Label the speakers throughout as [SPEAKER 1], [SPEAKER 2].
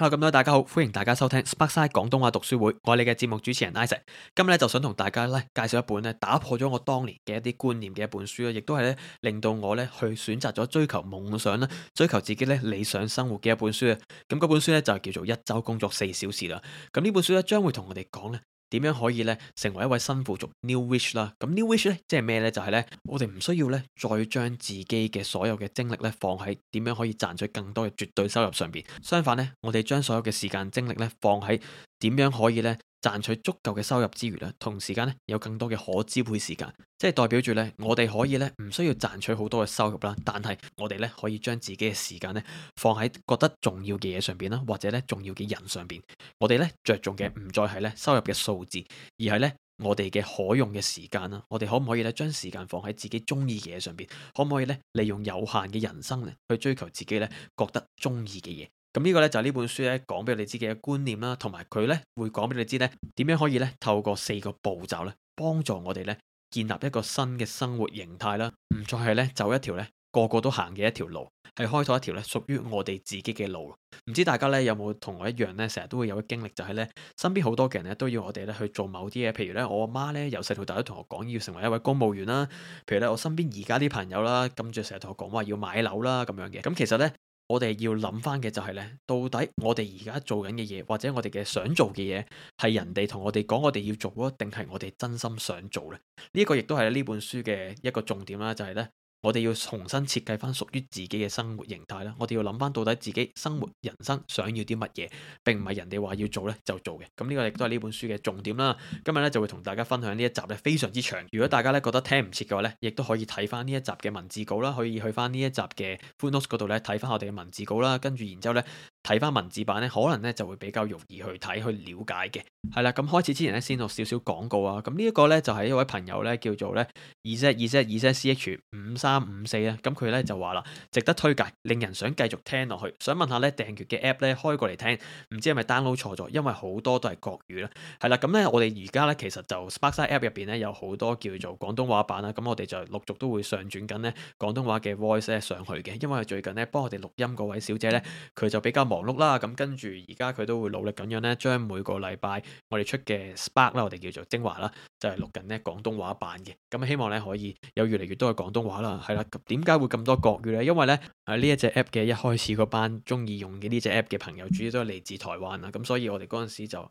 [SPEAKER 1] Hello 咁多位，大家好，歡迎大家收聽《Sparkside 廣東話讀書會》，我哋嘅節目主持人 Isaac。今日咧就想同大家咧介紹一本咧打破咗我當年嘅一啲觀念嘅一本書啊，亦都係咧令到我咧去選擇咗追求夢想啦，追求自己咧理想生活嘅一本書啊。咁、嗯、嗰本書咧就叫做《一周工作四小時》啦、嗯。咁呢本書咧將會同我哋講咧。點樣可以咧成為一位新富族？New Wish 啦，咁 New Wish 咧，即係咩咧？就係咧，我哋唔需要咧再將自己嘅所有嘅精力咧放喺點樣可以賺取更多嘅絕對收入上邊。相反咧，我哋將所有嘅時間精力咧放喺點樣可以咧。賺取足夠嘅收入之餘咧，同時間咧有更多嘅可支配時間，即係代表住咧我哋可以咧唔需要賺取好多嘅收入啦，但係我哋咧可以將自己嘅時間咧放喺覺得重要嘅嘢上邊啦，或者咧重要嘅人上邊。我哋咧着重嘅唔再係咧收入嘅數字，而係咧我哋嘅可用嘅時間啦。我哋可唔可以咧將時間放喺自己中意嘅嘢上邊？可唔可以咧利用有限嘅人生咧去追求自己咧覺得中意嘅嘢？咁呢個呢，就係呢本書呢講俾你哋知嘅觀念啦，同埋佢呢會講俾你知呢點樣可以呢透過四個步驟呢幫助我哋呢建立一個新嘅生活形態啦，唔再係呢走一條呢個個都行嘅一條路，係開拓一條呢屬於我哋自己嘅路。唔知大家呢有冇同我一樣呢？成日都會有嘅經歷就，就係呢身邊好多嘅人呢都要我哋呢去做某啲嘢，譬如呢我阿媽呢由細到大都同我講要成為一位公務員啦，譬如呢我身邊而家啲朋友啦，咁就成日同我講話要買樓啦咁樣嘅。咁其實呢。我哋要諗翻嘅就係呢：到底我哋而家做緊嘅嘢，或者我哋嘅想做嘅嘢，係人哋同我哋講我哋要做咯，定係我哋真心想做咧？呢一個亦都係呢本書嘅一個重點啦，就係呢。我哋要重新設計翻屬於自己嘅生活形態啦，我哋要諗翻到底自己生活人生想要啲乜嘢，並唔係人哋話要做呢就做嘅，咁、這、呢個亦都係呢本書嘅重點啦。今日呢，就會同大家分享呢一集呢非常之長，如果大家呢覺得聽唔切嘅話呢，亦都可以睇翻呢一集嘅文字稿啦，可以去翻呢一集嘅 Full Notes 嗰度呢，睇翻我哋嘅文字稿啦，跟住然之後呢。睇翻文字版咧，可能咧就會比較容易去睇去了解嘅，係啦。咁開始之前咧，先落少少廣告啊。咁呢一個咧就係一位朋友咧叫做咧 ezezezch 五三五四啊。咁佢咧就話啦，值得推介，令人想繼續聽落去。想問下咧訂閱嘅 app 咧開過嚟聽，唔知係咪 download 錯咗，因為好多都係國語啦。係啦，咁咧我哋而家咧其實就 Spotify app 入邊咧有好多叫做廣東話版啦。咁我哋就陸續都會上傳緊咧廣東話嘅 voice 呢上去嘅，因為最近咧幫我哋錄音嗰位小姐咧，佢就比較，忙碌啦，咁跟住而家佢都會努力咁樣咧，將每個禮拜我哋出嘅 Spark 啦，我哋叫做精華啦，就係錄緊呢廣東話版嘅。咁希望咧可以有越嚟越多嘅廣東話啦，係啦。點解會咁多國語呢？因為咧呢一隻、這個、app 嘅一開始嗰班鍾意用嘅呢隻 app 嘅朋友主要都係嚟自台灣啊，咁所以我哋嗰陣時就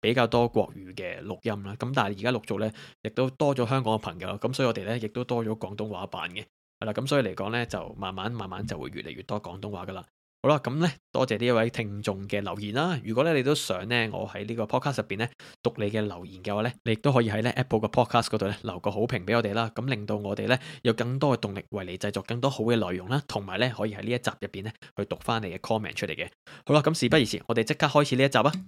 [SPEAKER 1] 比較多國語嘅錄音啦。咁但係而家陸續咧，亦都多咗香港嘅朋友，咁所以我哋咧亦都多咗廣東話版嘅，係啦。咁所以嚟講咧，就慢慢慢慢就會越嚟越多廣東話噶啦。好啦，咁咧多謝呢一位聽眾嘅留言啦。如果咧你都想咧我喺呢個 podcast 入邊咧讀你嘅留言嘅話咧，你亦都可以喺咧 Apple 嘅 podcast 嗰度咧留個好評俾我哋啦。咁令到我哋咧有更多嘅動力為你製作更多好嘅內容啦，同埋咧可以喺呢一集入邊咧去讀翻你嘅 comment 出嚟嘅。好啦，咁事不宜遲，我哋即刻開始呢一集啊！嗯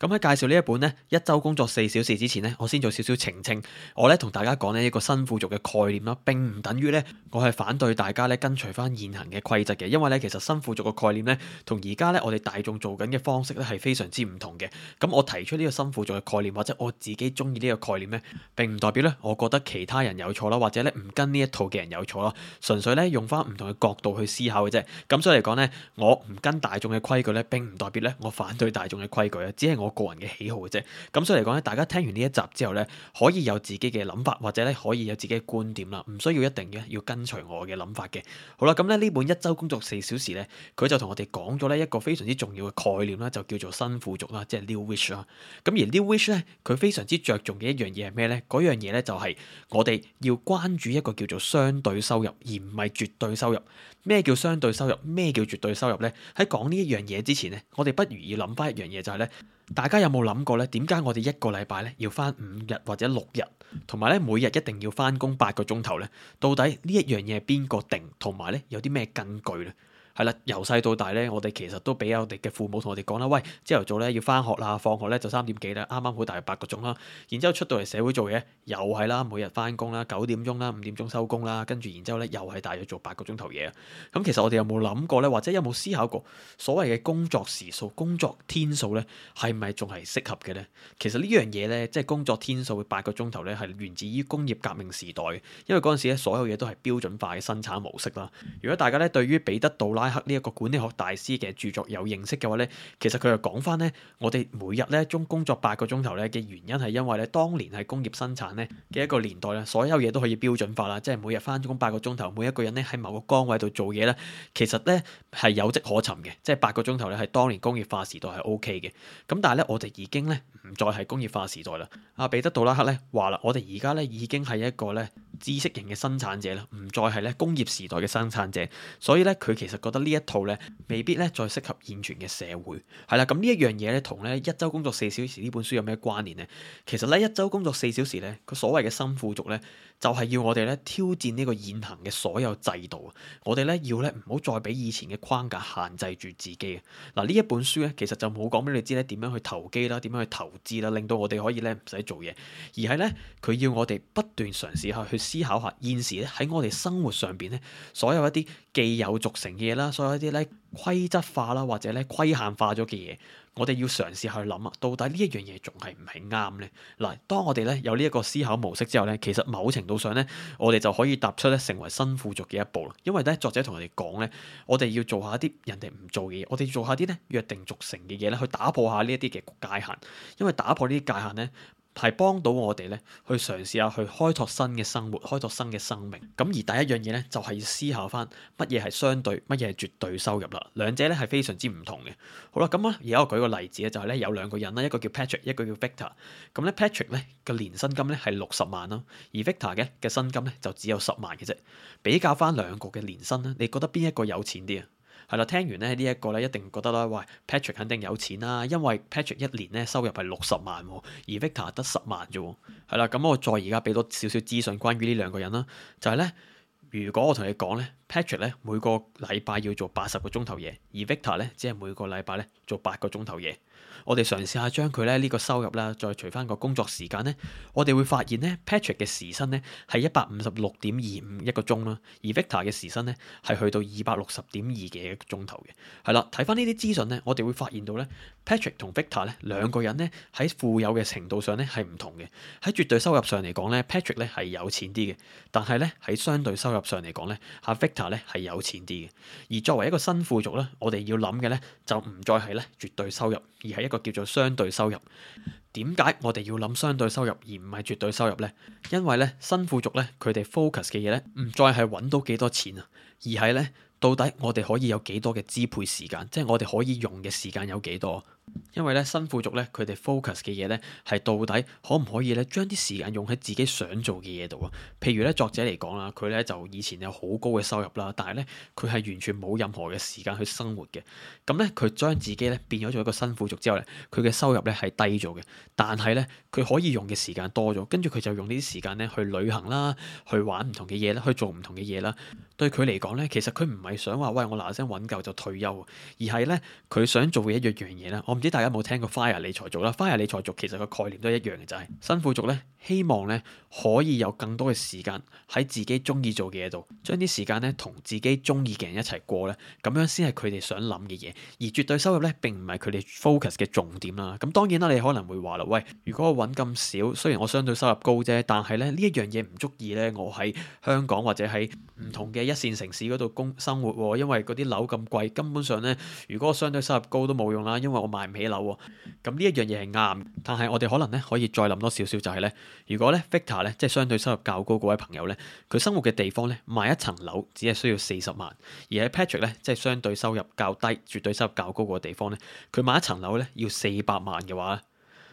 [SPEAKER 1] 咁喺介紹呢一本呢，一周工作四小時之前呢，我先做少少澄清，我呢同大家講呢一個新富族嘅概念啦，並唔等於呢我係反對大家呢跟隨翻現行嘅規則嘅，因為呢其實新富族嘅概念呢，同而家呢我哋大眾做緊嘅方式呢係非常之唔同嘅。咁我提出呢個新富族嘅概念或者我自己中意呢個概念呢，並唔代表呢我覺得其他人有錯啦，或者呢唔跟呢一套嘅人有錯啦，純粹呢用翻唔同嘅角度去思考嘅啫。咁所以嚟講呢，我唔跟大眾嘅規矩呢，並唔代表呢我反對大眾嘅規矩啊，只係我。個人嘅喜好嘅啫，咁所以嚟講咧，大家聽完呢一集之後咧，可以有自己嘅諗法，或者咧可以有自己嘅觀點啦，唔需要一定要，要跟隨我嘅諗法嘅。好啦，咁咧呢本一周工作四小時咧，佢就同我哋講咗咧一個非常之重要嘅概念啦，就叫做新富族啦，即係 New Rich 啦。咁而 New Rich 咧，佢非常之着重嘅一樣嘢係咩咧？嗰樣嘢咧就係我哋要關注一個叫做相對收入，而唔係絕對收入。咩叫相對收入？咩叫絕對收入咧？喺講呢一樣嘢之前咧，我哋不如意諗翻一樣嘢，就是，就係咧。大家有冇諗過咧？點解我哋一個禮拜咧要返五日或者六日，同埋咧每日一定要返工八個鐘頭咧？到底呢一樣嘢係邊個定，同埋咧有啲咩根據咧？係啦，由細到大咧，我哋其實都俾我哋嘅父母同我哋講啦，喂，朝頭早咧要翻學啦，放學咧就三點幾啦，啱啱好大約八個鐘啦。然之後出到嚟社會做嘢，又係啦，每日翻工啦，九點鐘啦，五點鐘收工啦，跟住然之後咧又係大約做八個鐘頭嘢。咁其實我哋有冇諗過咧，或者有冇思考過所謂嘅工作時數、工作天數咧，係咪仲係適合嘅咧？其實呢樣嘢咧，即係工作天數嘅八個鐘頭咧，係源自於工業革命時代，因為嗰陣時咧所有嘢都係標準化嘅生產模式啦。如果大家咧對於俾得到啦，拉克呢一個管理學大師嘅著作有認識嘅話咧，其實佢又講翻咧，我哋每日咧中工作八個鐘頭咧嘅原因係因為咧，當年係工業生產咧嘅一個年代咧，所有嘢都可以標準化啦，即係每日翻工八個鐘頭，每一個人咧喺某個崗位度做嘢咧，其實咧係有跡可尋嘅，即係八個鐘頭咧係當年工業化時代係 OK 嘅。咁但係咧，我哋已經咧唔再係工業化時代啦。阿彼得·杜拉克咧話啦，我哋而家咧已經係一個咧知識型嘅生產者啦，唔再係咧工業時代嘅生產者，所以咧佢其實個覺得呢一套咧，未必咧再適合現存嘅社會，係啦。咁呢一樣嘢咧，同咧一周工作四小時呢本書有咩關聯呢？其實咧，一周工作四小時咧，佢所謂嘅新富族咧，就係要我哋咧挑戰呢個現行嘅所有制度。我哋咧要咧唔好再俾以前嘅框架限制住自己。嗱，呢一本書咧，其實就冇講俾你知咧，點樣去投機啦，點樣去投資啦，令到我哋可以咧唔使做嘢，而係咧佢要我哋不斷嘗試下去思考下，現時咧喺我哋生活上邊咧，所有一啲既有俗成嘅嘢所有一啲咧規則化啦，或者咧規限化咗嘅嘢，我哋要嘗試去諗啊，到底呢一樣嘢仲係唔係啱咧？嗱，當我哋咧有呢一個思考模式之後咧，其實某程度上咧，我哋就可以踏出咧成為新富族嘅一步啦。因為咧，作者同我哋講咧，我哋要做下一啲人哋唔做嘅嘢，我哋要做下啲咧約定俗成嘅嘢咧，去打破下呢一啲嘅界限。因為打破呢啲界限咧，係幫到我哋咧，去嘗試下去開拓新嘅生活，開拓新嘅生命。咁而第一樣嘢咧，就係要思考翻乜嘢係相對，乜嘢係絕對收入啦。兩者咧係非常之唔同嘅。好啦，咁咧而家我舉個例子咧，就係咧有兩個人啦，一個叫 Patrick，一個叫 Victor。咁咧 Patrick 咧嘅年薪金咧係六十萬啦，而 Victor 嘅嘅薪金咧就只有十萬嘅啫。比較翻兩個嘅年薪咧，你覺得邊一個有錢啲啊？係啦，聽完咧呢一個咧，一定覺得啦。喂，Patrick 肯定有錢啦，因為 Patrick 一年咧收入係六十萬喎，而 Victor 得十萬啫喎。係啦，咁我再而家俾多少少資訊關於呢兩個人啦，就係咧，如果我同你講咧，Patrick 咧每個禮拜要做八十個鐘頭嘢，而 Victor 咧只係每個禮拜咧做八個鐘頭嘢。我哋嘗試下將佢咧呢個收入啦，再除翻個工作時間咧，我哋會發現咧 Patrick 嘅時薪咧係一百五十六點二五一個鐘啦，而 Victor 嘅時薪咧係去到二百六十點二嘅一個鐘頭嘅。係啦，睇翻呢啲資訊咧，我哋會發現到咧 Patrick 同 Victor 咧兩個人咧喺富有嘅程度上咧係唔同嘅。喺絕對收入上嚟講咧，Patrick 咧係有錢啲嘅，但係咧喺相對收入上嚟講咧，阿 Victor 咧係有錢啲嘅。而作為一個新富族咧，我哋要諗嘅咧就唔再係咧絕對收入，而係一。一個叫做相對收入。點解我哋要諗相對收入而唔係絕對收入咧？因為咧，新富族咧，佢哋 focus 嘅嘢咧唔再係搵到幾多錢啊，而係咧到底我哋可以有幾多嘅支配時間，即係我哋可以用嘅時間有幾多？因為咧新富族咧佢哋 focus 嘅嘢咧係到底可唔可以咧將啲時間用喺自己想做嘅嘢度啊？譬如咧作者嚟講啦，佢咧就以前有好高嘅收入啦，但係咧佢係完全冇任何嘅時間去生活嘅。咁咧佢將自己咧變咗做一個新富族之後咧，佢嘅收入咧係低咗嘅，但係咧佢可以用嘅時間多咗，跟住佢就用呢啲時間咧去旅行啦，去玩唔同嘅嘢啦，去做唔同嘅嘢啦。對佢嚟講咧，其實佢唔係想話喂，我嗱嗱聲揾夠就退休，而係咧佢想做嘅一樣嘢啦。我唔知大家有冇聽過 fire 理財族啦，fire 理財族其實個概念都係一樣嘅，就係新富族咧，希望咧可以有更多嘅時間喺自己中意做嘅嘢度，將啲時間咧同自己中意嘅人一齊過咧，咁樣先係佢哋想諗嘅嘢。而絕對收入咧並唔係佢哋 focus 嘅重點啦。咁當然啦，你可能會話啦，喂，如果我揾咁少，雖然我相對收入高啫，但係咧呢一樣嘢唔足以咧。我喺香港或者喺唔同嘅一線城市嗰度工生活喎，因為嗰啲樓咁貴，根本上咧如果我相對收入高都冇用啦，因為我買。買唔起樓、啊，咁呢一樣嘢係啱，但係我哋可能咧可以再諗多少少，就係咧如果咧 Victor 咧即係相對收入較高嗰位朋友咧，佢生活嘅地方咧買一層樓只係需要四十萬，而喺 Patrick 咧即係相對收入較低、絕對收入較高個地方咧，佢買一層樓咧要四百萬嘅話，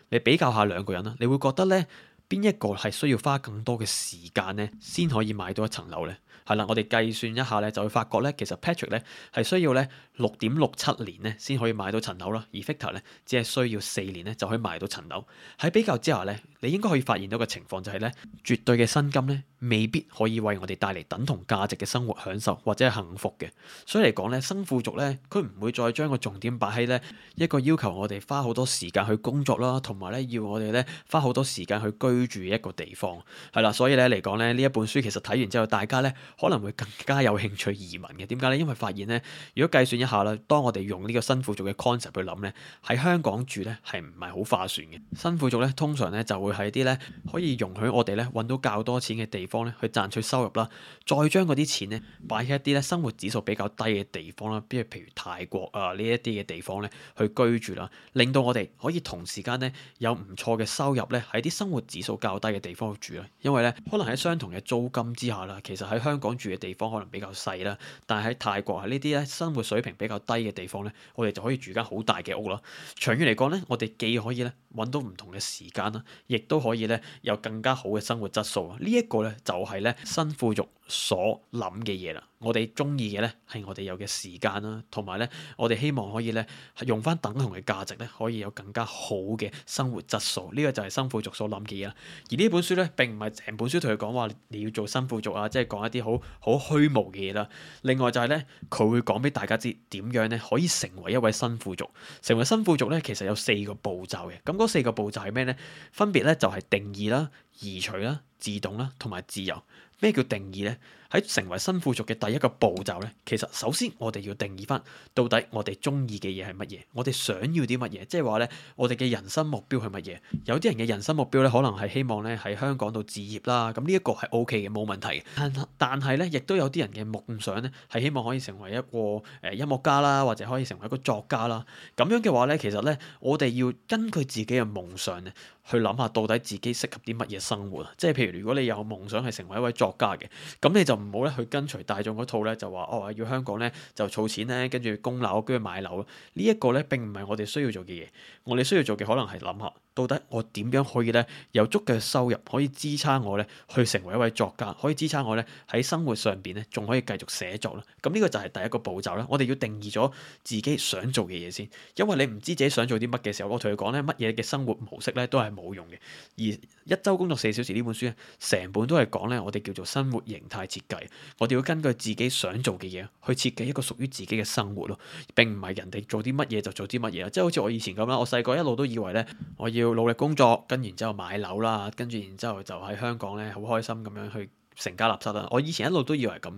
[SPEAKER 1] 你比較下兩個人啦，你會覺得咧邊一個係需要花更多嘅時間咧，先可以買到一層樓咧？係啦，我哋計算一下咧，就會發覺咧，其實 Patrick 咧係需要咧六點六七年咧先可以買到層樓啦，而 Victor 咧只係需要四年咧就可以買到層樓。喺比較之下咧，你應該可以發現到個情況就係咧，絕對嘅薪金咧未必可以為我哋帶嚟等同價值嘅生活享受或者係幸福嘅。所以嚟講咧，生富族咧，佢唔會再將個重點擺喺咧一個要求我哋花好多時間去工作啦，同埋咧要我哋咧花好多時間去居住一個地方。係啦，所以咧嚟講咧，呢一本書其實睇完之後，大家咧。可能會更加有興趣移民嘅，點解咧？因為發現咧，如果計算一下啦，當我哋用呢個新富族嘅 concept 去諗咧，喺香港住咧係唔係好划算嘅？新富族咧通常咧就會喺啲咧可以容許我哋咧揾到較多錢嘅地方咧去賺取收入啦，再將嗰啲錢咧擺喺一啲咧生活指數比較低嘅地方啦，比如譬如泰國啊呢一啲嘅地方咧去居住啦，令到我哋可以同時間咧有唔錯嘅收入咧喺啲生活指數較低嘅地方度住啦，因為咧可能喺相同嘅租金之下啦，其實喺香港，住嘅地方可能比較細啦，但係喺泰國係呢啲咧生活水平比較低嘅地方咧，我哋就可以住間好大嘅屋啦。長遠嚟講咧，我哋既可以咧揾到唔同嘅時間啦，亦都可以咧有更加好嘅生活質素啊！呢、這、一個咧就係咧新富裕。所諗嘅嘢啦，我哋中意嘅咧係我哋有嘅時間啦、啊，同埋咧我哋希望可以咧用翻等同嘅價值咧，可以有更加好嘅生活質素。呢、這個就係新富族所諗嘅嘢啦。而呢本書咧並唔係成本書同佢講話你要做新富族啊，即係講一啲好好虛無嘅嘢啦。另外就係咧佢會講俾大家知點樣咧可以成為一位新富族，成為新富族咧其實有四個步驟嘅。咁嗰四個步驟係咩咧？分別咧就係定義啦、移除啦、自動啦同埋自由。咩叫定義咧？喺成為新富族嘅第一個步驟咧，其實首先我哋要定義返，到底我哋中意嘅嘢係乜嘢？我哋想要啲乜嘢？即係話咧，我哋嘅人生目標係乜嘢？有啲人嘅人生目標咧，可能係希望咧喺香港度置業啦，咁呢一個係 OK 嘅，冇問題嘅。但但係咧，亦都有啲人嘅夢想咧，係希望可以成為一個誒音樂家啦，或者可以成為一個作家啦。咁樣嘅話咧，其實咧，我哋要根據自己嘅夢想。去諗下到底自己適合啲乜嘢生活啊？即係譬如如果你有夢想係成為一位作家嘅，咁你就唔好咧去跟隨大眾嗰套咧，就話哦要香港咧就儲錢咧，跟住供樓跟住買樓。這個、呢一個咧並唔係我哋需要做嘅嘢，我哋需要做嘅可能係諗下到底我點樣可以咧有足夠嘅收入可以支撐我咧去成為一位作家，可以支撐我咧喺生活上邊咧仲可以繼續寫作啦。咁呢個就係第一個步驟啦。我哋要定義咗自己想做嘅嘢先，因為你唔知自己想做啲乜嘅時候，我同你講咧乜嘢嘅生活模式咧都係。冇用嘅，而一周工作四小時呢本書呢，成本都係講呢，我哋叫做生活形態設計，我哋要根據自己想做嘅嘢去設計一個屬於自己嘅生活咯，並唔係人哋做啲乜嘢就做啲乜嘢，即係好似我以前咁啦，我細個一路都以為呢，我要努力工作，跟住然之後買樓啦，跟住然之後就喺香港呢，好開心咁樣去。成家立室啦！我以前一路都以為咁，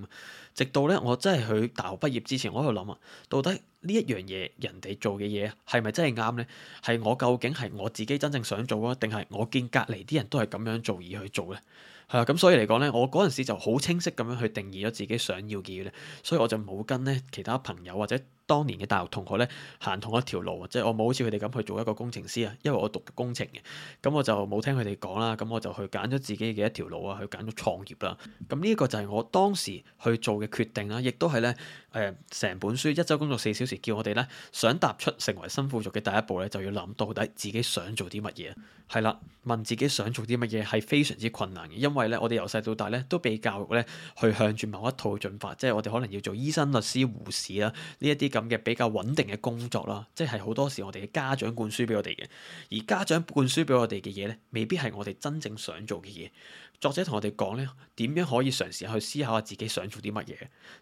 [SPEAKER 1] 直到咧我真係去大學畢業之前，我喺度諗啊，到底是是呢一樣嘢，人哋做嘅嘢係咪真係啱咧？係我究竟係我自己真正想做啊，定係我見隔籬啲人都係咁樣做而去做咧？係啊，咁所以嚟講咧，我嗰陣時就好清晰咁樣去定義咗自己想要嘅嘢咧，所以我就冇跟咧其他朋友或者。當年嘅大學同學咧，行同一條路，即係我冇好似佢哋咁去做一個工程師啊，因為我讀工程嘅，咁我就冇聽佢哋講啦，咁我就去揀咗自己嘅一條路啊，去揀咗創業啦。咁呢一個就係我當時去做嘅決定啦，亦都係咧誒，成、呃、本書一週工作四小時，叫我哋咧想踏出成為新富族嘅第一步咧，就要諗到底自己想做啲乜嘢。係啦，問自己想做啲乜嘢係非常之困難嘅，因為咧我哋由細到大咧都被教育咧去向住某一套進發，即係我哋可能要做醫生、律師、護士啦，呢一啲咁。咁嘅比較穩定嘅工作啦，即係好多時我哋嘅家長灌輸俾我哋嘅，而家長灌輸俾我哋嘅嘢咧，未必係我哋真正想做嘅嘢。作者同我哋講咧，點樣可以嘗試去思考下自己想做啲乜嘢？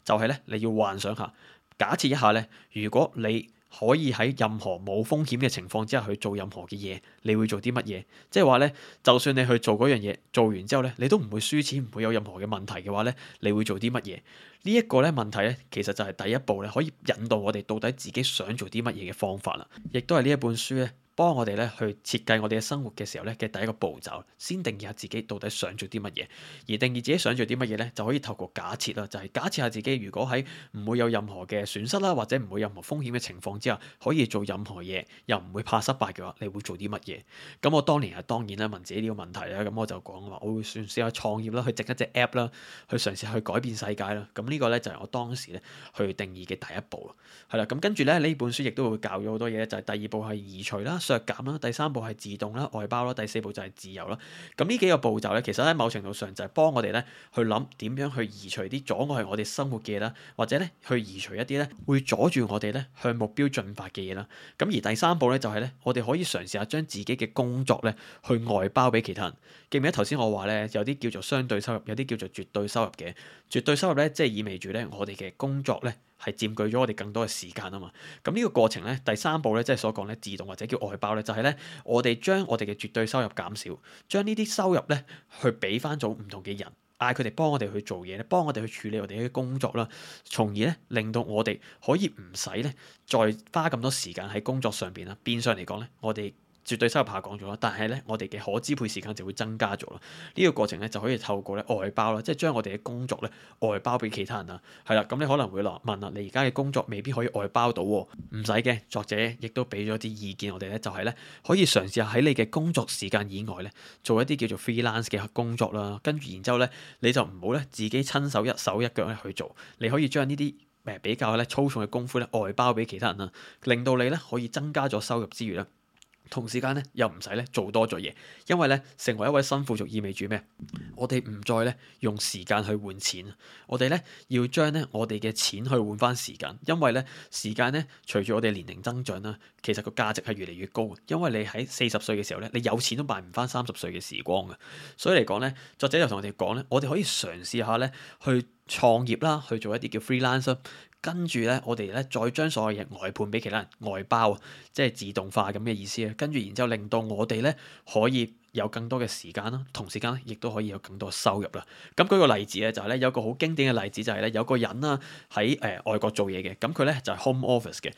[SPEAKER 1] 就係咧，你要幻想下，假設一下咧，如果你可以喺任何冇風險嘅情況之下去做任何嘅嘢，你會做啲乜嘢？即係話咧，就算你去做嗰樣嘢，做完之後咧，你都唔會輸錢，唔會有任何嘅問題嘅話咧，你會做啲乜嘢？這個、呢一個咧問題咧，其實就係第一步咧，可以引導我哋到底自己想做啲乜嘢嘅方法啦，亦都係呢一本書咧。幫我哋咧去設計我哋嘅生活嘅時候咧嘅第一個步驟，先定義下自己到底想做啲乜嘢，而定義自己想做啲乜嘢咧，就可以透過假設啦，就係假設下自己如果喺唔會有任何嘅損失啦，或者唔會任何風險嘅情況之下，可以做任何嘢，又唔會怕失敗嘅話，你會做啲乜嘢？咁我當年係當然啦，問自己呢個問題啦，咁我就講話，我會嘗試下創業啦，去整一隻 App 啦，去嘗試去改變世界啦。咁呢個咧就係我當時咧去定義嘅第一步啦，係啦，咁跟住咧呢本書亦都會教咗好多嘢，就係第二步係移除啦。削減啦，第三步係自動啦，外包啦，第四步就係自由啦。咁呢幾個步驟咧，其實喺某程度上就係幫我哋咧去諗點樣去移除啲阻礙我哋生活嘅嘢啦，或者咧去移除一啲咧會阻住我哋咧向目標進發嘅嘢啦。咁而第三步咧就係咧，我哋可以嘗試下將自己嘅工作咧去外包俾其他人。記唔記得頭先我話咧有啲叫做相對收入，有啲叫做絕對收入嘅？絕對收入咧即係意味住咧我哋嘅工作咧。係佔據咗我哋更多嘅時間啊嘛，咁呢個過程咧，第三步咧，即係所講咧自動或者叫外包咧，就係咧我哋將我哋嘅絕對收入減少，將呢啲收入咧去俾翻咗唔同嘅人，嗌佢哋幫我哋去做嘢咧，幫我哋去處理我哋啲工作啦，從而咧令到我哋可以唔使咧再花咁多時間喺工作上邊啊，變相嚟講咧，我哋，絕對收入下降咗啦，但係咧，我哋嘅可支配時間就會增加咗啦。呢、這個過程咧就可以透過咧外包啦，即係將我哋嘅工作咧外包俾其他人啊。係啦，咁你可能會問啊，你而家嘅工作未必可以外包到喎？哦，唔使嘅。作者亦都俾咗啲意見我呢，我哋咧就係、是、咧可以嘗試下喺你嘅工作時間以外咧做一啲叫做 freelance 嘅工作啦。跟住然之後咧你就唔好咧自己親手一手一腳咧去做，你可以將呢啲誒比較咧粗重嘅功夫咧外包俾其他人啊，令到你咧可以增加咗收入之餘咧。同時間咧又唔使咧做多咗嘢，因為咧成為一位新富族意味住咩？我哋唔再咧用時間去換錢，我哋咧要將咧我哋嘅錢去換翻時間，因為咧時間咧隨住我哋年齡增長啦，其實個價值係越嚟越高。因為你喺四十歲嘅時候咧，你有錢都買唔翻三十歲嘅時光啊！所以嚟講咧，作者就同我哋講咧，我哋可以嘗試下咧去創業啦，去做一啲叫 freelancer。跟住咧，我哋咧再將所有嘢外判俾其他人外包，即係自動化咁嘅意思啊！跟住然之後，令到我哋咧可以有更多嘅時間啦，同時間咧亦都可以有更多嘅收入啦。咁舉個例子咧，就係咧有個好經典嘅例子，就係咧有個人啦喺誒外國做嘢嘅，咁佢咧就係 home office 嘅。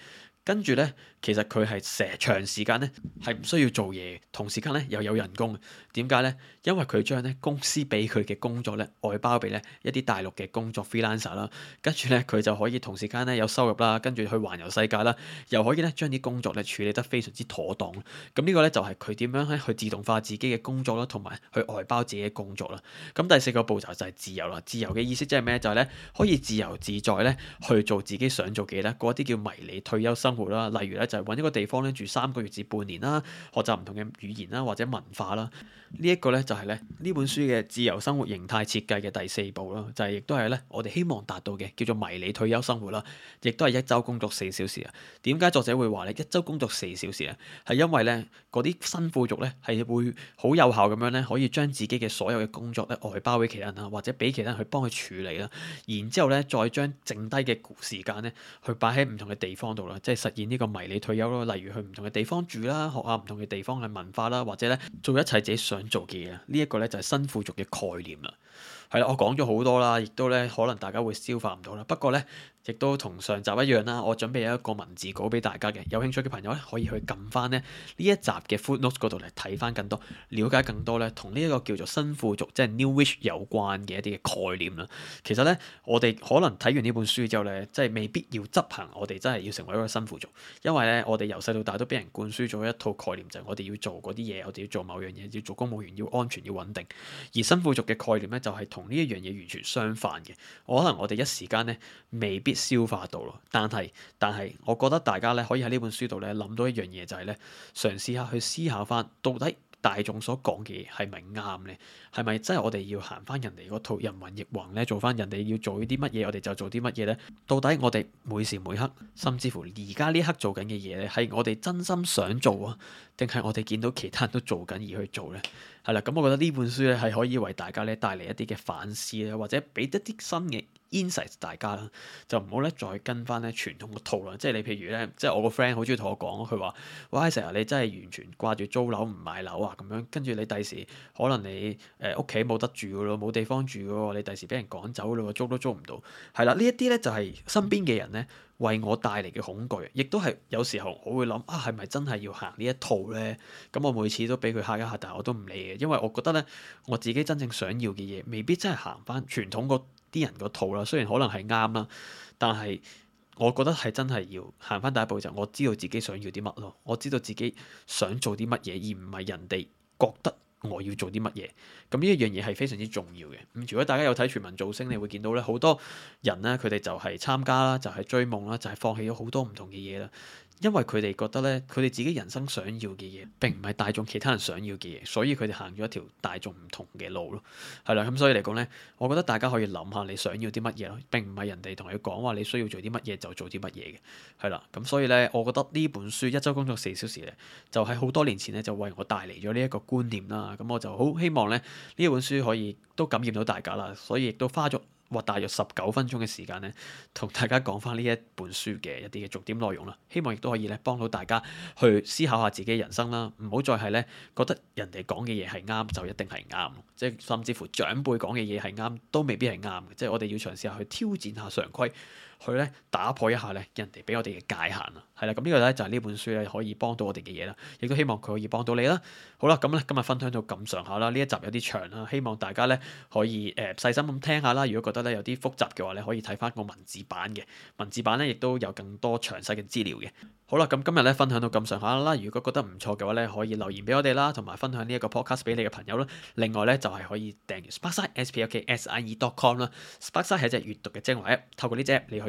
[SPEAKER 1] 跟住咧，其實佢係成長時間咧，係唔需要做嘢，同時間咧又有人工。點解咧？因為佢將咧公司俾佢嘅工作咧外包俾咧一啲大陸嘅工作 freelancer 啦。跟住咧，佢就可以同時間咧有收入啦，跟住去環遊世界啦，又可以咧將啲工作咧處理得非常之妥當。咁、嗯這個、呢個咧就係佢點樣咧去自動化自己嘅工作啦，同埋去外包自己嘅工作啦。咁、嗯、第四個步驟就係自由啦。自由嘅意思即係咩？就係、是、咧可以自由自在咧去做自己想做嘅嘢啦，過一啲叫迷你退休生活啦，例如咧就係搵一個地方咧住三個月至半年啦，學習唔同嘅語言啦或者文化啦，呢一個咧就係咧呢本書嘅自由生活形態設計嘅第四步咯，就係亦都係咧我哋希望達到嘅叫做迷你退休生活啦，亦都係一周工作四小時啊。點解作者會話咧一周工作四小時咧？係因為咧嗰啲新富族咧係會好有效咁樣咧，可以將自己嘅所有嘅工作咧外包俾其他人啊，或者俾其他人去幫佢處理啦，然之後咧再將剩低嘅時間咧去擺喺唔同嘅地方度啦，即係。實現呢個迷你退休咯，例如去唔同嘅地方住啦，學下唔同嘅地方嘅文化啦，或者咧做一切自己想做嘅嘢，呢一個咧就係新富族嘅概念啦。係啦，我講咗好多啦，亦都咧可能大家會消化唔到啦，不過咧。亦都同上集一樣啦，我準備有一個文字稿俾大家嘅，有興趣嘅朋友咧可以去撳翻咧呢一集嘅 footnote 嗰度嚟睇翻更多，了解更多咧同呢一個叫做新富族即係 New Rich 有關嘅一啲嘅概念啦。其實咧，我哋可能睇完呢本書之後咧，即係未必要執行我哋真係要成為一個新富族，因為咧我哋由細到大都俾人灌輸咗一套概念，就係、是、我哋要做嗰啲嘢，我哋要做某樣嘢，要做公務員，要安全，要穩定，而新富族嘅概念咧就係同呢一樣嘢完全相反嘅。可能我哋一時間咧未必，必。消化到咯，但係但係，我覺得大家咧可以喺呢本書度咧諗到一樣嘢，就係，就係咧嘗試下去思考翻，到底大眾所講嘅嘢係咪啱咧？係咪真係我哋要行翻人哋嗰套人云亦云咧？做翻人哋要做啲乜嘢，我哋就做啲乜嘢咧？到底我哋每時每刻，甚至乎而家呢刻做緊嘅嘢咧，係我哋真心想做啊，定係我哋見到其他人都做緊而去做咧？係啦，咁我覺得呢本書咧係可以為大家咧帶嚟一啲嘅反思咧，或者俾一啲新嘅 insight 大家啦，就唔好咧再跟翻咧傳統嘅討論。即係你譬如咧，即係我個 friend 好中意同我講，佢話：哇！成日你真係完全掛住租樓唔買樓啊咁樣。跟住你第時可能你誒屋企冇得住嘅咯，冇地方住嘅喎，你第時俾人趕走嘅喎，租都租唔到。係啦，呢一啲咧就係身邊嘅人咧。為我帶嚟嘅恐懼，亦都係有時候我會諗啊，係咪真係要行呢一套咧？咁我每次都俾佢嚇一嚇，但我都唔理嘅，因為我覺得咧，我自己真正想要嘅嘢，未必真係行翻傳統嗰啲人個套啦。雖然可能係啱啦，但係我覺得係真係要行翻第一步，就我知道自己想要啲乜咯，我知道自己想做啲乜嘢，而唔係人哋覺得。我要做啲乜嘢？咁呢一樣嘢係非常之重要嘅。咁如果大家有睇全民造星，你會見到咧，好多人咧，佢哋就係參加啦，就係追夢啦，就係放棄咗好多唔同嘅嘢啦。因為佢哋覺得咧，佢哋自己人生想要嘅嘢，並唔係大眾其他人想要嘅嘢，所以佢哋行咗一條大眾唔同嘅路咯，係啦，咁所以嚟講咧，我覺得大家可以諗下你想要啲乜嘢咯，並唔係人哋同你講話你需要做啲乜嘢就做啲乜嘢嘅，係啦，咁所以咧，我覺得呢本書一周工作四小時咧，就喺好多年前咧就為我帶嚟咗呢一個觀念啦，咁我就好希望咧呢本書可以都感染到大家啦，所以亦都花咗。或大約十九分鐘嘅時間咧，同大家講翻呢一本書嘅一啲嘅重點內容啦，希望亦都可以咧幫到大家去思考下自己人生啦，唔好再係咧覺得人哋講嘅嘢係啱就一定係啱，即係甚至乎長輩講嘅嘢係啱都未必係啱嘅，即係我哋要嘗試下去挑戰下常規。去咧打破一下咧人哋俾我哋嘅界限啊，係啦，咁呢個咧就係呢本書咧可以幫到我哋嘅嘢啦，亦都希望佢可以幫到你啦。好啦，咁咧今日分享到咁上下啦，呢一集有啲長啦，希望大家咧可以誒細心咁聽下啦。如果覺得咧有啲複雜嘅話咧，可以睇翻個文字版嘅文字版咧，亦都有更多詳細嘅資料嘅。好啦，咁今日咧分享到咁上下啦，如果覺得唔錯嘅話咧，可以留言俾我哋啦，同埋分享呢一個 podcast 俾你嘅朋友啦。另外咧就係可以訂閱 sparkside.spk.si.e.com 啦 s p a r k s 係一隻閱讀嘅精華 app，透過呢隻 app 你去。